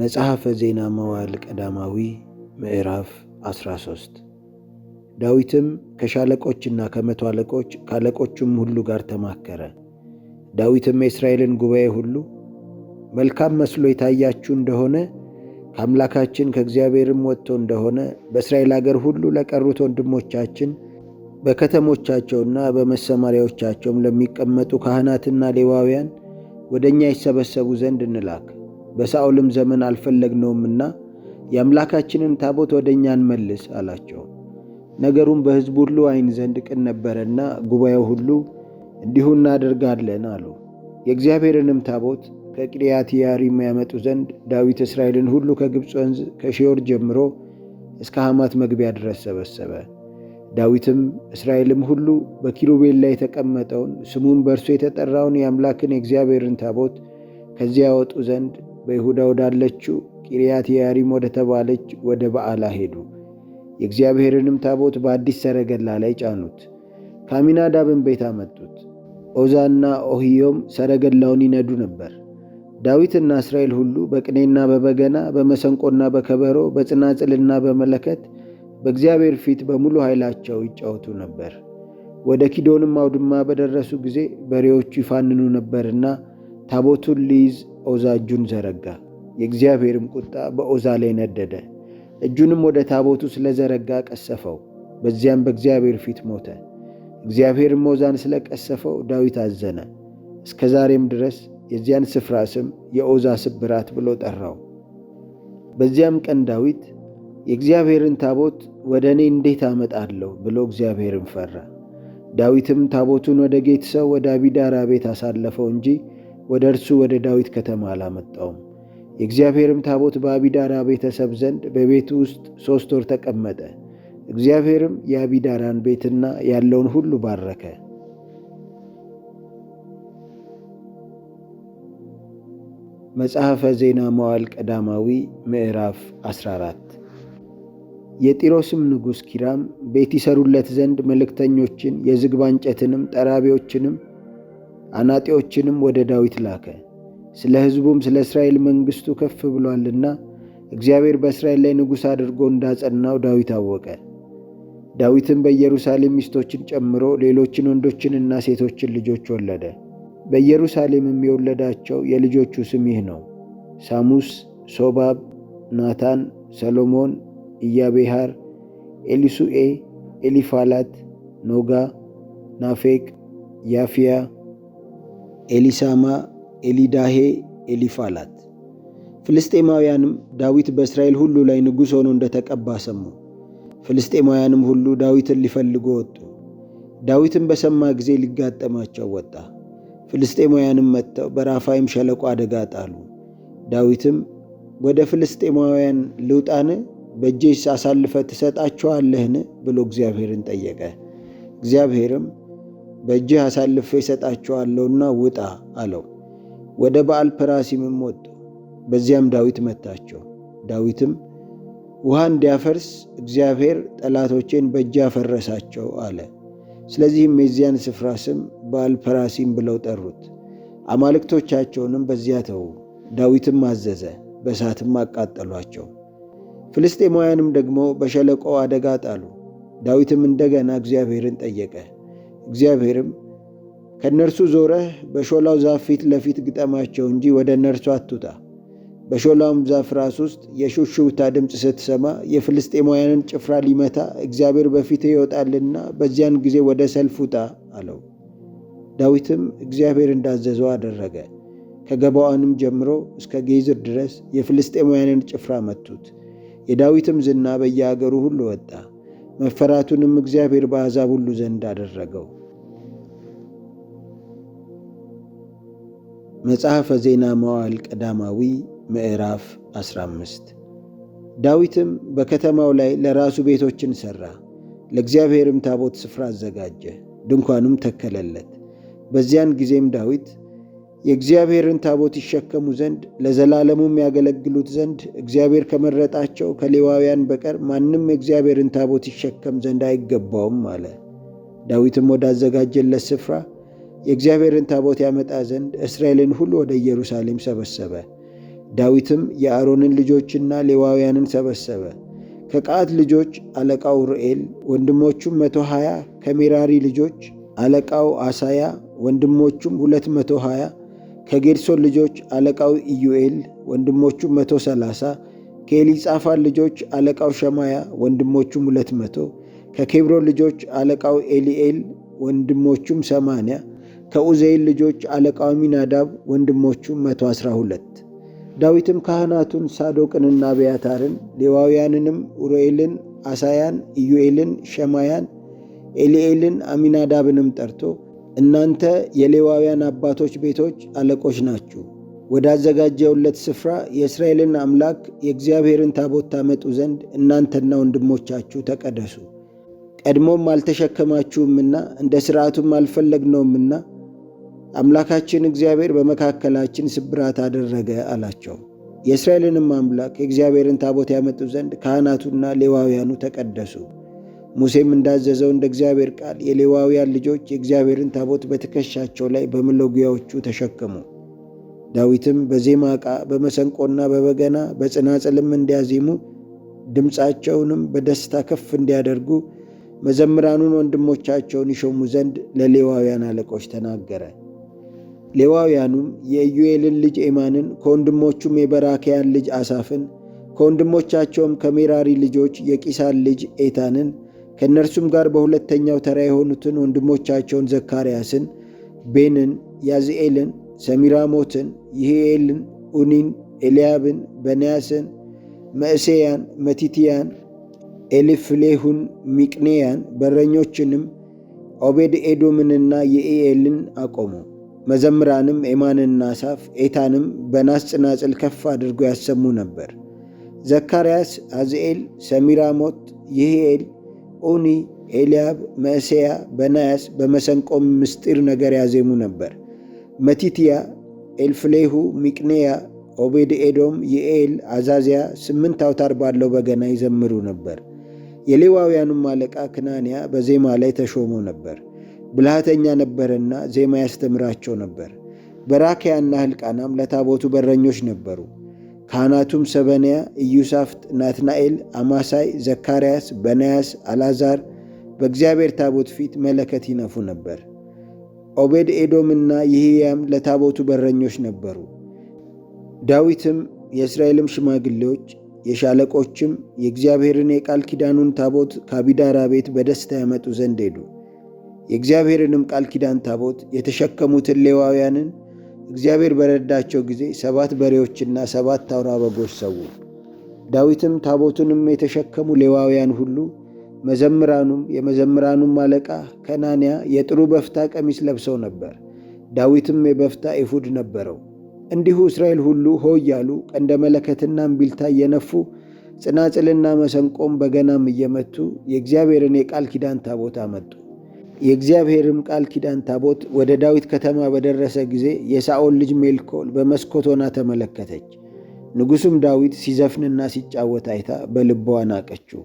መጽሐፈ ዜና መዋዕል ቀዳማዊ ምዕራፍ 13 ዳዊትም ከሻለቆችና ከመቶ አለቆች ከአለቆቹም ሁሉ ጋር ተማከረ። ዳዊትም የእስራኤልን ጉባኤ ሁሉ መልካም መስሎ የታያችሁ እንደሆነ ከአምላካችን ከእግዚአብሔርም ወጥቶ እንደሆነ በእስራኤል አገር ሁሉ ለቀሩት ወንድሞቻችን በከተሞቻቸውና በመሰማሪያዎቻቸውም ለሚቀመጡ ካህናትና ሌዋውያን ወደ እኛ ይሰበሰቡ ዘንድ እንላክ በሳኦልም ዘመን አልፈለግነውምና የአምላካችንን ታቦት ወደ እኛ እንመልስ አላቸው። ነገሩም በሕዝቡ ሁሉ ዐይን ዘንድ ቅን ነበረና ጉባኤው ሁሉ እንዲሁ እናደርጋለን አሉ። የእግዚአብሔርንም ታቦት ከቂርያት ያሪም ያመጡ ዘንድ ዳዊት እስራኤልን ሁሉ ከግብፅ ወንዝ ከሺዮር ጀምሮ እስከ ሐማት መግቢያ ድረስ ሰበሰበ። ዳዊትም እስራኤልም ሁሉ በኪሩቤል ላይ የተቀመጠውን ስሙም በእርሱ የተጠራውን የአምላክን የእግዚአብሔርን ታቦት ከዚያ ያወጡ ዘንድ በይሁዳ ወዳለችው ቂርያት ያሪም ወደተባለች ወደ በዓላ ሄዱ። የእግዚአብሔርንም ታቦት በአዲስ ሰረገላ ላይ ጫኑት። ከአሚናዳብን ቤት አመጡት። ኦዛና ኦህዮም ሰረገላውን ይነዱ ነበር። ዳዊትና እስራኤል ሁሉ በቅኔና በበገና በመሰንቆና በከበሮ በጽናጽልና በመለከት በእግዚአብሔር ፊት በሙሉ ኃይላቸው ይጫወቱ ነበር። ወደ ኪዶንም አውድማ በደረሱ ጊዜ በሬዎቹ ይፋንኑ ነበርና ታቦቱን ሊይዝ ኦዛ እጁን ዘረጋ። የእግዚአብሔርም ቁጣ በኦዛ ላይ ነደደ። እጁንም ወደ ታቦቱ ስለዘረጋ ቀሰፈው፣ በዚያም በእግዚአብሔር ፊት ሞተ። እግዚአብሔርም ኦዛን ስለቀሰፈው ዳዊት አዘነ። እስከ ዛሬም ድረስ የዚያን ስፍራ ስም የኦዛ ስብራት ብሎ ጠራው። በዚያም ቀን ዳዊት የእግዚአብሔርን ታቦት ወደ እኔ እንዴት አመጣለሁ ብሎ እግዚአብሔርን ፈራ። ዳዊትም ታቦቱን ወደ ጌት ሰው ወደ አቢዳራ ቤት አሳለፈው እንጂ ወደ እርሱ ወደ ዳዊት ከተማ አላመጣውም። የእግዚአብሔርም ታቦት በአቢዳራ ቤተሰብ ዘንድ በቤቱ ውስጥ ሦስት ወር ተቀመጠ። እግዚአብሔርም የአቢዳራን ቤትና ያለውን ሁሉ ባረከ። መጽሐፈ ዜና መዋዕል ቀዳማዊ ምዕራፍ 14 የጢሮስም ንጉሥ ኪራም ቤት ይሰሩለት ዘንድ መልእክተኞችን የዝግባ እንጨትንም ጠራቢዎችንም አናጢዎችንም ወደ ዳዊት ላከ። ስለ ሕዝቡም ስለ እስራኤል መንግሥቱ ከፍ ብሏልና እግዚአብሔር በእስራኤል ላይ ንጉሥ አድርጎ እንዳጸናው ዳዊት አወቀ። ዳዊትም በኢየሩሳሌም ሚስቶችን ጨምሮ ሌሎችን ወንዶችንና ሴቶችን ልጆች ወለደ። በኢየሩሳሌምም የወለዳቸው የልጆቹ ስም ይህ ነው፤ ሳሙስ፣ ሶባብ፣ ናታን፣ ሰሎሞን፣ ኢያቤሃር፣ ኤሊሱኤ፣ ኤሊፋላት፣ ኖጋ፣ ናፌቅ፣ ያፊያ ኤሊሳማ፣ ኤሊዳሄ፣ ኤሊፋላት። ፍልስጤማውያንም ዳዊት በእስራኤል ሁሉ ላይ ንጉሥ ሆኖ እንደተቀባ ሰሙ። ፍልስጤማውያንም ሁሉ ዳዊትን ሊፈልጉ ወጡ። ዳዊትን በሰማ ጊዜ ሊጋጠማቸው ወጣ። ፍልስጤማውያንም መጥተው በራፋይም ሸለቆ አደጋ ጣሉ። ዳዊትም ወደ ፍልስጤማውያን ልውጣን? በእጄስ አሳልፈ ትሰጣቸዋለህን? ብሎ እግዚአብሔርን ጠየቀ። እግዚአብሔርም በእጅህ አሳልፌ እሰጣቸዋለሁና ውጣ አለው። ወደ በዓል ፐራሲምም ወጡ። በዚያም ዳዊት መታቸው። ዳዊትም ውሃ እንዲያፈርስ እግዚአብሔር ጠላቶቼን በእጅ አፈረሳቸው አለ። ስለዚህም የዚያን ስፍራ ስም በዓል ፐራሲም ብለው ጠሩት። አማልክቶቻቸውንም በዚያ ተዉ። ዳዊትም አዘዘ፣ በእሳትም አቃጠሏቸው። ፍልስጤማውያንም ደግሞ በሸለቆ አደጋ ጣሉ። ዳዊትም እንደገና እግዚአብሔርን ጠየቀ። እግዚአብሔርም ከእነርሱ ዞረህ በሾላው ዛፍ ፊት ለፊት ግጠማቸው እንጂ ወደ እነርሱ አትውጣ። በሾላውም ዛፍ ራስ ውስጥ የሹሹብታ ድምፅ ስትሰማ የፍልስጤማውያንን ጭፍራ ሊመታ እግዚአብሔር በፊትህ ይወጣልና በዚያን ጊዜ ወደ ሰልፍ ውጣ አለው። ዳዊትም እግዚአብሔር እንዳዘዘው አደረገ። ከገባዖንም ጀምሮ እስከ ጌዝር ድረስ የፍልስጤማውያንን ጭፍራ መቱት። የዳዊትም ዝና በየአገሩ ሁሉ ወጣ። መፈራቱንም እግዚአብሔር በአሕዛብ ሁሉ ዘንድ አደረገው። መጽሐፈ ዜና መዋዕል ቀዳማዊ ምዕራፍ 15 ዳዊትም በከተማው ላይ ለራሱ ቤቶችን ሠራ፣ ለእግዚአብሔርም ታቦት ስፍራ አዘጋጀ፣ ድንኳንም ተከለለት። በዚያን ጊዜም ዳዊት የእግዚአብሔርን ታቦት ይሸከሙ ዘንድ ለዘላለሙም ያገለግሉት ዘንድ እግዚአብሔር ከመረጣቸው ከሌዋውያን በቀር ማንም የእግዚአብሔርን ታቦት ይሸከም ዘንድ አይገባውም አለ። ዳዊትም ወዳዘጋጀለት ስፍራ የእግዚአብሔርን ታቦት ያመጣ ዘንድ እስራኤልን ሁሉ ወደ ኢየሩሳሌም ሰበሰበ። ዳዊትም የአሮንን ልጆችና ሌዋውያንን ሰበሰበ። ከቀዓት ልጆች አለቃው ሩኤል፣ ወንድሞቹም መቶ ሀያ ከሜራሪ ልጆች አለቃው አሳያ፣ ወንድሞቹም ሁለት መቶ ከጌድሶን ልጆች አለቃው ኢዩኤል፣ ወንድሞቹ 130። ከኤሊጻፋን ልጆች አለቃው ሸማያ፣ ወንድሞቹም 200። ከኬብሮን ልጆች አለቃው ኤሊኤል፣ ወንድሞቹም 80። ከኡዜይል ልጆች አለቃው ሚናዳብ ወንድሞቹም 112። ዳዊትም ካህናቱን ሳዶቅንና አብያታርን፣ ሌዋውያንንም ኡሮኤልን፣ አሳያን፣ ኢዩኤልን፣ ሸማያን፣ ኤሊኤልን፣ አሚናዳብንም ጠርቶ እናንተ የሌዋውያን አባቶች ቤቶች አለቆች ናችሁ። ወዳዘጋጀውለት ስፍራ የእስራኤልን አምላክ የእግዚአብሔርን ታቦት ታመጡ ዘንድ እናንተና ወንድሞቻችሁ ተቀደሱ። ቀድሞም አልተሸከማችሁምና እንደ ሥርዓቱም አልፈለግነውምና አምላካችን እግዚአብሔር በመካከላችን ስብራት አደረገ አላቸው። የእስራኤልንም አምላክ የእግዚአብሔርን ታቦት ያመጡ ዘንድ ካህናቱና ሌዋውያኑ ተቀደሱ። ሙሴም እንዳዘዘው እንደ እግዚአብሔር ቃል የሌዋውያን ልጆች የእግዚአብሔርን ታቦት በትከሻቸው ላይ በመለጉያዎቹ ተሸከሙ። ዳዊትም በዜማ ዕቃ በመሰንቆና በበገና በጽናጽልም እንዲያዜሙ ድምፃቸውንም በደስታ ከፍ እንዲያደርጉ መዘምራኑን ወንድሞቻቸውን ይሾሙ ዘንድ ለሌዋውያን አለቆች ተናገረ። ሌዋውያኑም የኢዩኤልን ልጅ ኤማንን ከወንድሞቹም የበራኪያን ልጅ አሳፍን ከወንድሞቻቸውም ከሜራሪ ልጆች የቂሳን ልጅ ኤታንን ከእነርሱም ጋር በሁለተኛው ተራ የሆኑትን ወንድሞቻቸውን ዘካርያስን፣ ቤንን፣ ያዝኤልን፣ ሰሚራሞትን፣ ይህኤልን፣ ኡኒን፣ ኤልያብን፣ በንያስን፣ መእሴያን፣ መቲትያን፣ ኤልፍሌሁን ሚቅኔያን፣ በረኞችንም ኦቤድ ኤዶምንና የኢኤልን አቆሙ። መዘምራንም ኤማንና አሳፍ ኤታንም በናስ ጽናጽል ከፍ አድርጎ ያሰሙ ነበር። ዘካርያስ፣ አዝኤል፣ ሰሚራሞት፣ ይህኤል ኡኒ፣ ኤልያብ፣ መእሴያ በናያስ በመሰንቆም ምስጢር ነገር ያዜሙ ነበር። መቲትያ፣ ኤልፍሌሁ፣ ሚቅኔያ፣ ኦቤድ ኤዶም፣ ይኤል፣ አዛዚያ ስምንት አውታር ባለው በገና ይዘምሩ ነበር። የሌዋውያኑም አለቃ ክናንያ በዜማ ላይ ተሾሞ ነበር። ብልሃተኛ ነበረና ዜማ ያስተምራቸው ነበር። በራኪያና ህልቃናም ለታቦቱ በረኞች ነበሩ። ካህናቱም ሰበንያ፣ ኢዩሳፍት፣ ናትናኤል፣ አማሳይ፣ ዘካርያስ፣ በናያስ፣ አላዛር በእግዚአብሔር ታቦት ፊት መለከት ይነፉ ነበር። ኦቤድ ኤዶምና ይህያም ለታቦቱ በረኞች ነበሩ። ዳዊትም የእስራኤልም ሽማግሌዎች የሻለቆችም የእግዚአብሔርን የቃል ኪዳኑን ታቦት ከአቢዳራ ቤት በደስታ ያመጡ ዘንድ ሄዱ። የእግዚአብሔርንም ቃል ኪዳን ታቦት የተሸከሙትን ሌዋውያንን እግዚአብሔር በረዳቸው ጊዜ ሰባት በሬዎችና ሰባት አውራ በጎች ሰው። ዳዊትም ታቦቱንም የተሸከሙ ሌዋውያን ሁሉ መዘምራኑም የመዘምራኑም አለቃ ከናንያ የጥሩ በፍታ ቀሚስ ለብሰው ነበር። ዳዊትም የበፍታ ኤፉድ ነበረው። እንዲሁ እስራኤል ሁሉ ሆ እያሉ ቀንደ መለከትና እምቢልታ እየነፉ ጽናጽልና መሰንቆም በገናም እየመቱ የእግዚአብሔርን የቃል ኪዳን ታቦት አመጡ። የእግዚአብሔርም ቃል ኪዳን ታቦት ወደ ዳዊት ከተማ በደረሰ ጊዜ የሳኦል ልጅ ሜልኮል በመስኮት ሆና ተመለከተች። ንጉሡም ዳዊት ሲዘፍንና ሲጫወት አይታ በልቧ ናቀችው።